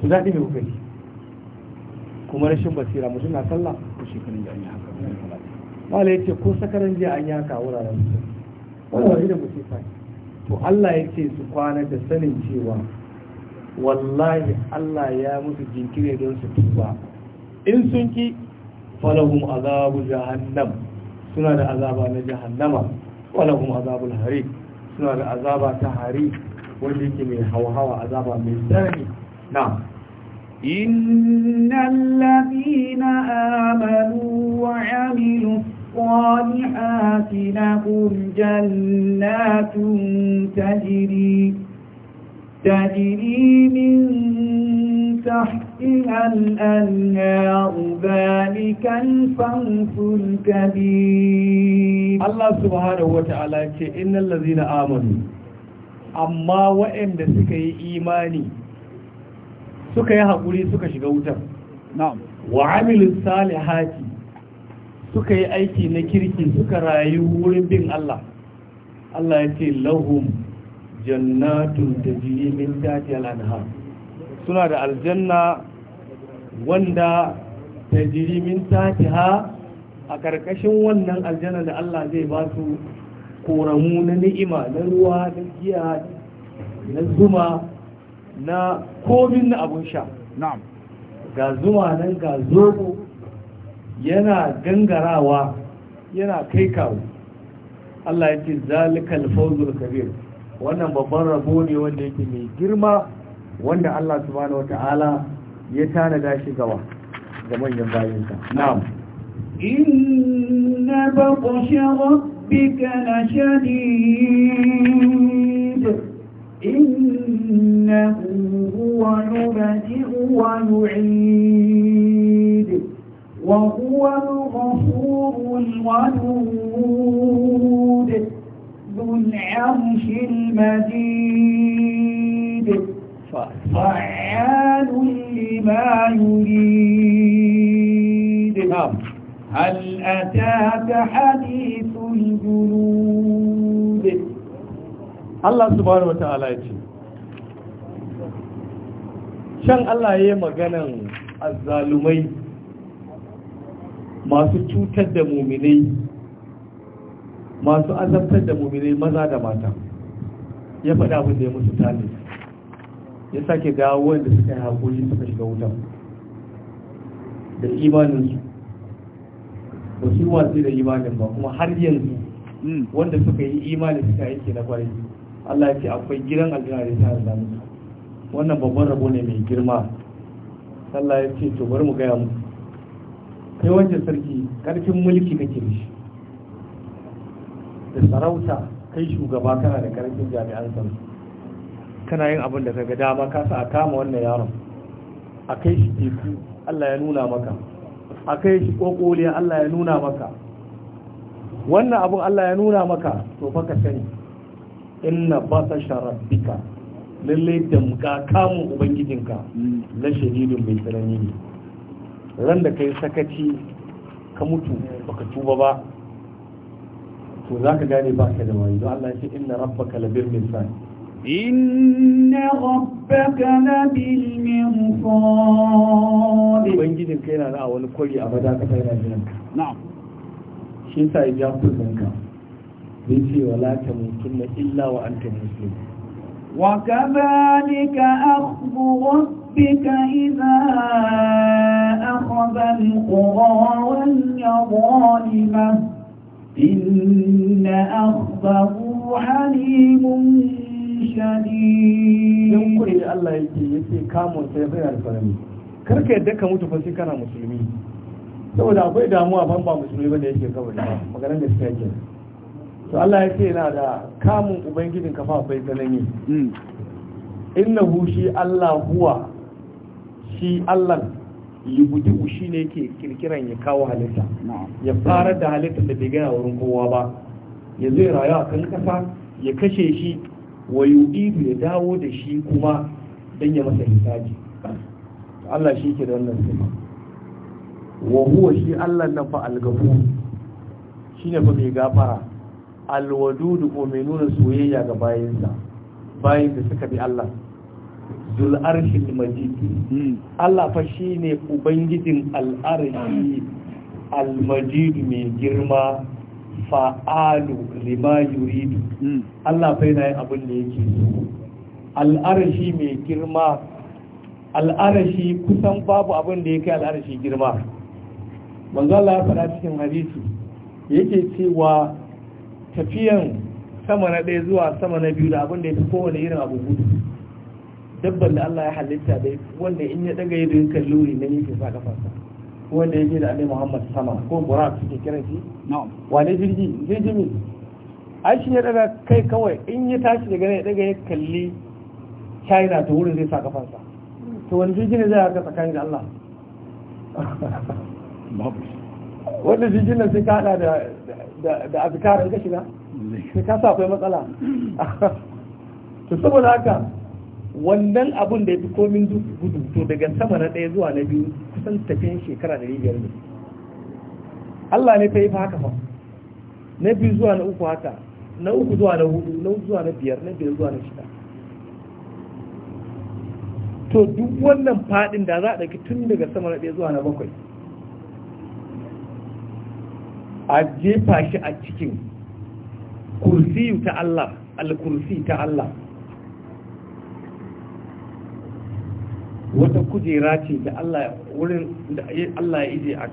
S2: ku zaɗi mai kuka kuma rashin basira mutum na sallah ko shekarun jami'a haka wala ya ce ko sakaran jiya an yanka wuraren su wani wani da musifa to Allah ya ce su kwana da sanin cewa wallahi Allah ya musu jinkiri don su tuba in sun ki falahum azabu jahannam suna da azaba na jahannama walahum azabul hari suna da azaba ta hari wanda yake mai hauhawa azaba mai tsanani na
S1: إن الذين آمنوا وعملوا الصالحات لهم جنات تجري تجري من تحتها الأنهار ذلك الفوز الكبير
S2: الله سبحانه وتعالى إن الذين آمنوا أما وإن سكي إيماني سكي هقولي سكي شغوتا نعم وعمل الصالحات suka yi aiki na kirki suka rayu wurin bin Allah Allah ya ce lahum jannatun tajri min tahtiha al suna da aljanna wanda tajri min ha? a ƙarƙashin wannan aljanna da Allah zai ba su koramu na ni'ima na ruwa na giya na zuma na komin na abun sha ga zuma nan ga zobo yana gangarawa yana kai kawo Allah ya ce zalikal fawzul kabir wannan babban rabo ne wanda yake mai girma wanda Allah subhanahu wata'ala ya tanada shi gawa ga manyan bayinsa na'am
S1: inna baqsha rabbika shadid inna huwa yubdi'u wa yu'id وهو الغفور الودود ذو العرش المجيد فعال لما يريد
S2: هل أتاك
S1: حديث الجنود
S2: الله سبحانه وتعالى شان الله يمغنن الظالمين masu cutar da muminai masu azabtar da muminai maza da mata ya faɗa abin da ya musu tali ya sake dawo wanda suka yi haƙuri suka shiga wuta da imaninsu ba su watsi da imanin ba kuma har yanzu wanda suka yi imani suka ke na kwari Allah ya ce akwai gidan aljihar da ta hada wannan babban rabo ne mai girma Allah ya ce to bari mu gaya muku kai wancan sarki karfin mulki kake da shi da sarauta kai shugaba kana da karfin jami'an sarki kana yin abin da ka ga dama ka sa a kama wannan yaron a kai shi teku Allah ya nuna maka a kai shi kokoliya Allah ya nuna maka wannan abin Allah ya nuna maka to fa ka sani inna batasha rabbika lalle damka kamun ubangijinka na shadidun mai tsanani ne ran da kai sakaci ka mutu baka tuba ba to za ka gane ba ka da wani don Allah ce inna rabbaka labil misal inna rabbaka labil ban gidin kai na a wani kwari a bada ka tsaya jiran ka na'am shi sa ya ja kullun ka bai ce wala ta mutunna illa wa anta muslim wa kadhalika
S1: akhbu ربك إذا أخذ القرى وهي إن أخذه حليم شديد
S2: don kure da Allah yake yake kamun sai bai alfarami karka yadda ka mutu fa akwai damuwa ban ba musulmi bane yake kawai ba maganar da gaskiya yake to Allah ya ce yana da kamun ubangijin kafa bai tsanani hmm. inna hushi Allah huwa shi Allah yubudu shi ne ke kirkiran ya kawo halitta ya fara da halitta da bai gana wurin kowa ba ya zai rayu a kan kasa ya kashe shi wa yu'idu ya dawo da shi kuma don ya masa hisaji, Allah shi ke da wannan sifa wa huwa shi Allah na fa al shi ne fa mai gafara alwadu da kome nuna soyayya ga bayansa bayin da suka bi Allah zul'arshin majid hmm. Allah fa shi ne ubangijin al'arshi al-majid mai girma fa'alu lima yuridu hmm. Allah fa yana yin abin da yake so al'arshi mai girma al'arshi kusan babu abin da yake al'arshi girma manzo Allah ya fara cikin hadisi yake cewa tafiyan sama na ɗaya zuwa sama na biyu da abin da ya fi kowane irin abu gudu dabban da Allah ya halitta dai wanda in ya daga yi rin luri na yake sa kafarsa wanda ce da Annabi Muhammad sama ko Burak suke kiran shi wane jirgi jirgi ne ai shi ya daga kai kawai in ya tashi daga ne daga ya kalli China ta wurin zai sa kafarsa to wani jirgi ne zai haka tsakanin da Allah wanda jirgin nan sai ka hada da da azkar in ka shiga sai ka sa akwai matsala to saboda haka wannan abun da ya fi komin gudu to daga sama na ɗaya zuwa na biyu kusan tafiyan shekara da rigiyar ne Allah ne ta yi fa haka fa na biyu zuwa na uku haka na uku zuwa na hudu na uku zuwa na biyar na biyar zuwa na shida to duk wannan faɗin da za a ɗauki tun daga sama na ɗaya zuwa na bakwai a jefa shi a cikin kursiyu ta Allah al-kursi ta Allah wata kujera ce da Allah wurin da Allah ya ije a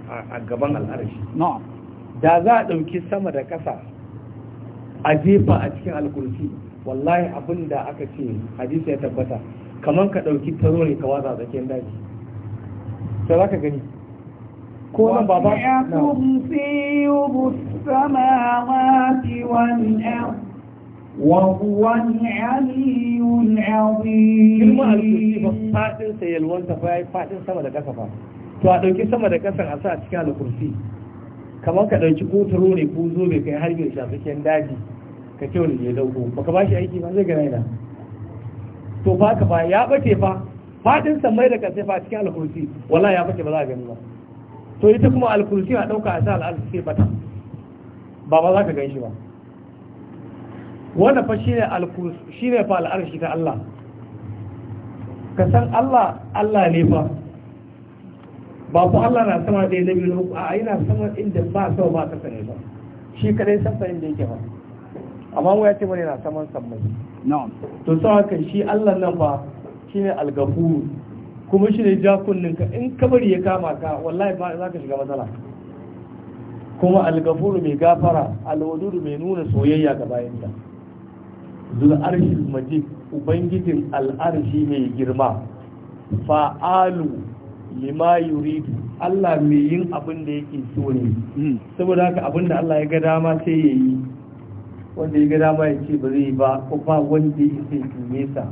S2: gaban al'arshi da za a ɗauki sama da ƙasa a jefa a cikin alkursi wallahi abin da aka ce hadisi ya tabbata kamar ka ɗauki taro ne ka watsa tsakiyar daji sai za ka gani ko nan baba na Wa ni
S1: وهو العلي العظيم كلمة
S2: الكرسي فاتن سيلوان تفاي sama da دكا سفا to a ɗauki sama da ƙasar a sa a cikin alkursi kamar ka ɗauki kotaro ne ko zobe kai har yau shafiken daji ka kyau da ya dauko baka ba shi aiki ba zai gana ina to ba ka ba ya bace fa fadin samai da kasai fa cikin alkursi wala ya bace ba za a gani ba to ita kuma alkursi a ɗauka a sa al'arsi sai bata ba ba za ka gan shi ba wanda fa shine al shi shine fa al’arshi ta Allah ka san Allah Allah ne fa ba ku Allah na sama da yadda biyu a ina sama inda ba sau ba ta sani ba shi kadai san inda yake ba amma waya ce wani na saman sammai to sau haka shi Allah nan ba shine ne gafur kuma shi ne jakunnin ka in kamar ya kama ka wallahi ba za ka shiga matsala kuma algafuru mai gafara alwadudu mai nuna soyayya ga bayanta zul'arshil maji ubangijin al'arshi mai girma fa'alu lima yuridu Allah mai yin abin da yake so ne hmm. saboda haka abin da Allah ya ga dama sai ya yi wanda ya ga dama ya ce ba zai ba ko ba wanda ya ce ke sa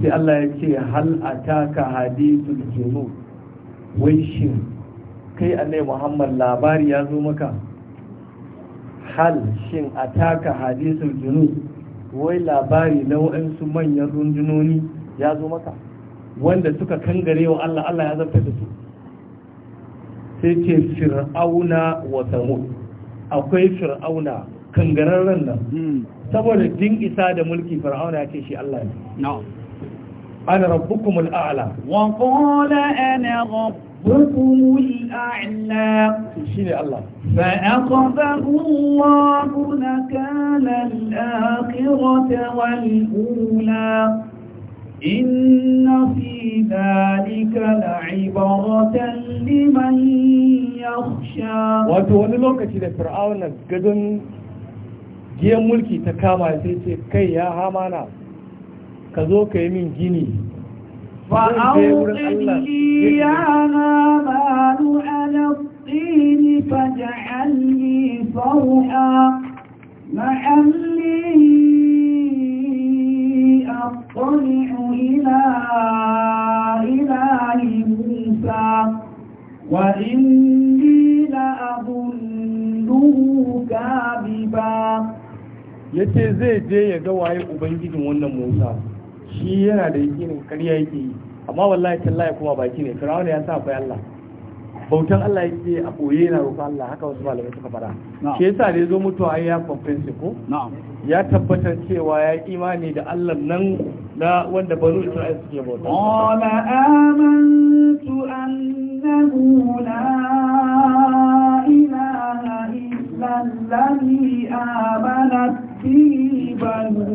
S2: sai Allah ya ce hal ataka hadithul junud wai shi kai annabi Muhammad labari ya zo maka hal shin a taka hadithul junud wai labari na waɗansu manyan rundunoni ya zo maka wanda suka kangare wa Allah Allah ya zarta da su sai ce fir'auna wa samud akwai fir'auna kangararren nan hmm. saboda din isa da mulki fir'auna ya ce shi Allah ne ana rabbukumul a'la
S1: wa qala ana rabb ربكم الأعلى
S2: فأخذه
S1: الله نكال الآخرة والأولى إن في ذلك لعبرة لمن
S2: يخشى وتولي لوكا كده فرعون قدن giyan mulki ta kama sai ce kai ya hamana ka zo ka yi min gini
S1: فأوقد لي يا نار على الطين فاجعلني صرحا محلي أطلع إلى إله موسى وإني لأظنه كاذبا
S2: yace zai je ya ga waye ubangijin wannan Musa shi yana da yakinin ƙarya yake yi amma wallahi tallahi kuma baki ne firawun ya sa bai Allah bautan Allah yake a koye yana roƙon Allah haka wasu malamai suka fara shi yasa da zo mutu a ya confess ko ya tabbatar cewa ya yi imani da Allah nan na wanda banu Isra'il suke bauta qala
S1: amantu annahu la ilaha illa مثل الذي آمنت به بنو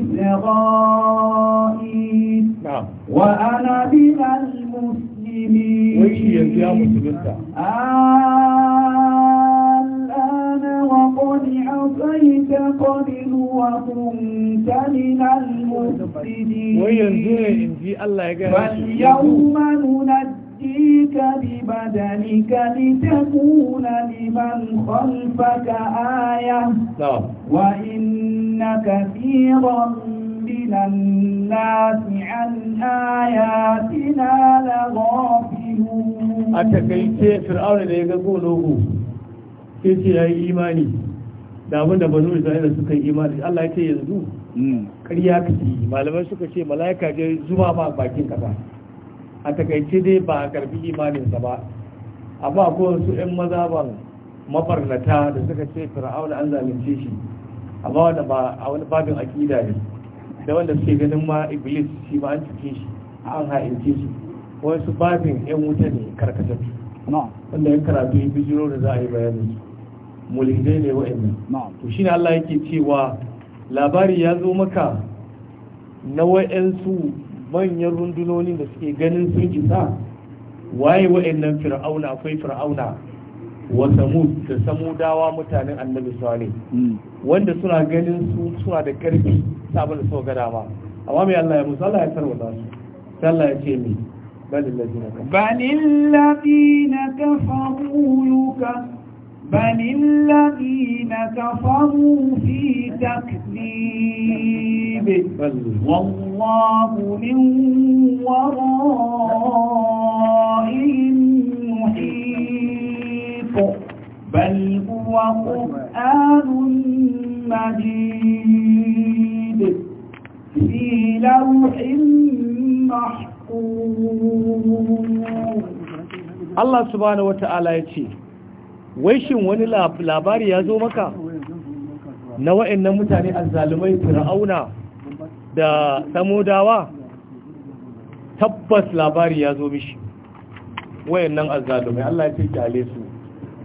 S1: إسرائيل نعم وأنا من المسلمين
S2: ويشي يا مسلمين
S1: الآن وقد عصيت قبل وكنت من المفسدين وينزل إن في الله يقول فاليوم ننجي يأتيك ببدنك لتكون لمن خلفك آية وإن كثيرا من الناس عن آياتنا لغافلون أتكيت
S2: فرعون ليك قوله كيف يا إيماني da abin da banu isra'ila suka yi imani Allah ya ce yanzu ƙarya kake malamai suka ce mala'ika je zuba ma bakin kasa a takaice dai ba a karbi imaninsa ba amma ko wasu 'yan maza mazaban mafarnata da suka ce fir'auna an zalunce shi amma wanda ba a wani babin akida ne da wanda suke ganin ma iblis shi ba an cike shi A an ha'ince shi wasu babin 'yan wuta ne karkatattu wanda yan karatu yi bijiro da za a yi bayani. su mulhidai ne wa'annan to ne Allah yake cewa labari ya zo maka na wayansu manyan rundunonin da suke ganin sun isa waye wa'annan fir'auna akwai fir'auna wa samud da samudawa mutanen annabi sale hmm. wanda suna ganin su suna da karfi sabon da suka ga dama? amma mai Allah ya musu Allah ya da su Allah ya ce mi balil
S1: ladina kafaru balil بل الذين كفروا في تكذيب والله من ورائهم محيط بل هو قرآن مجيد في لوح محفوظ
S2: الله سبحانه وتعالى يتيه wai shin wani labari ya zo maka na wa'annan mutane azzalumai fir'auna da samudawa tabbas labari ya zo mishi wayannan azzalumai Allah ya ce kyale su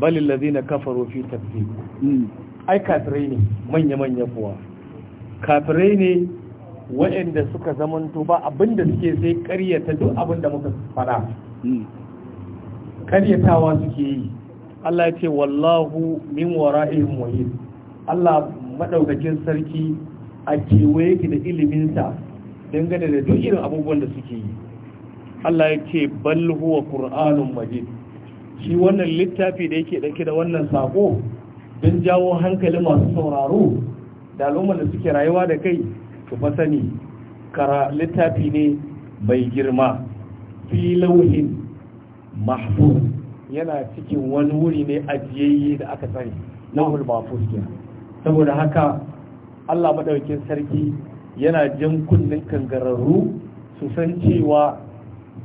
S2: balil ladina kafaru fi tafsir ai kafirai ne manya-manya kuwa kafirai ne waɗanda suka zamanto ba abinda suke sai ƙaryata duk abinda muka fara. ƙaryatawa suke yi Allah ya ce wallahu min wara'ihim muhit Allah madaukakin sarki a kewaye ki da iliminsa dangane da duk irin abubuwan da suke yi Allah ya ce bal huwa qur'anun majid shi wannan littafi da yake dauke da wannan sako don jawo hankali masu sauraro da al'ummar da suke rayuwa da kai ku fa sani kara littafi ne mai girma fi lauhin mahfuz yana cikin wani wuri ne ajiyayye da aka sani na mahfuz kenan saboda haka Allah madaukakin sarki yana jan kunnen kangararru su san cewa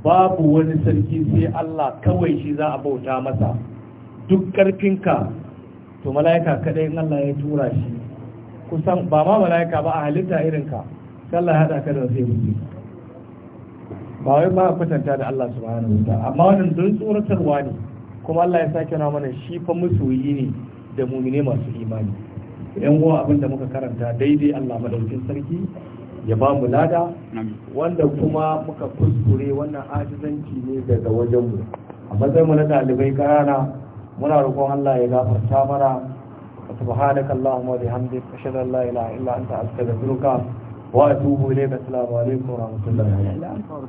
S2: babu wani sarki sai Allah kawai shi za a bauta masa duk ƙarfinka to mala'ika kadai in Allah ya tura shi kusan ba ma mala'ika ba a halitta irinka sallah hada ka da sai mutu ba wai ba kwatanta da Allah subhanahu wa ta'ala amma wannan don tsoratarwa ne kuma Allah ya sake na mana shi fa musuyi ne da mumine masu imani yan uwa abin da muka karanta daidai Allah madaukin sarki ya ba mu lada wanda kuma muka kuskure wannan ajizanci ne daga wajen mu a matsayin mu na dalibai karana muna roƙon Allah ya gafarta mana bihamdika ashhadu an la ilaha illa anta astaghfiruka wa atubu ilayka assalamu wa rahmatullahi wa barakatuh